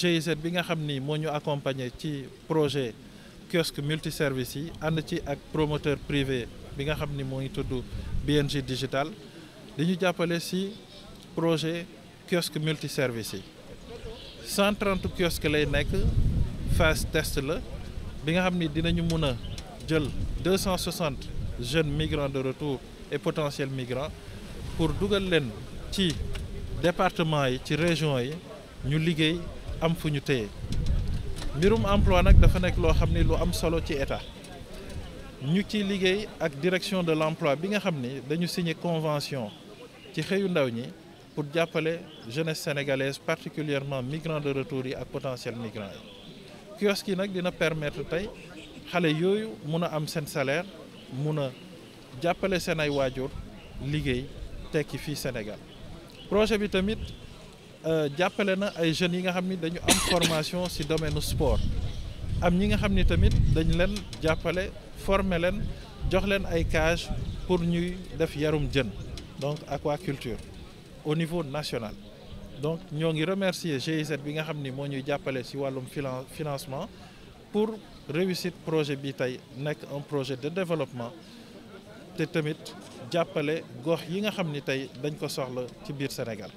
GIZ bi nga xam ni moo ñu accompagner ci projet kiosque multiservice yi ànd ci ak promoteur privé bi nga xam ni moo ngi tudd BNG digital di ñu jàppale si projet kiosque multiservice yi 130 kiosque lay nekk phase test la bi nga xam ni dinañu mun a jël 260 jeunes migrants de retour et potentiels migrants pour dugal leen ci département yi ci région yi ñu liggéey am fu ñu téye mbirum emploi nag dafa nekk loo xam ni lu am solo ci état ñu ci liggéey ak direction de l'emploi bi nga xam ni dañu signer convention ci xëyu ndaw ñi pour jàppale jeunesse sénégalaise particulièrement migrants de retour yi ak potentiel migrants yi kiosque yi nag dina permettre tey xale yooyu mun a am seen salaire mun a jàppale seen ay waajur liggéey tekki fii Sénégal projet bi tamit euh, jàppale na ay jeunes yi nga xam ni dañu am formation ci domaine sport am ñi nga xam ni tamit dañ leen jàppale former leen jox leen ay cage pour ñuy def yarum jën donc aquaculture au niveau national donc ñoo ngi remercier GIZ bi nga xam ni moo ñuy jàppale ci wàllum financement pour réussite projet bi tey nekk un projet de développement te tamit jàppale gox yi nga xam ni tey dañ ko soxla ci biir Sénégal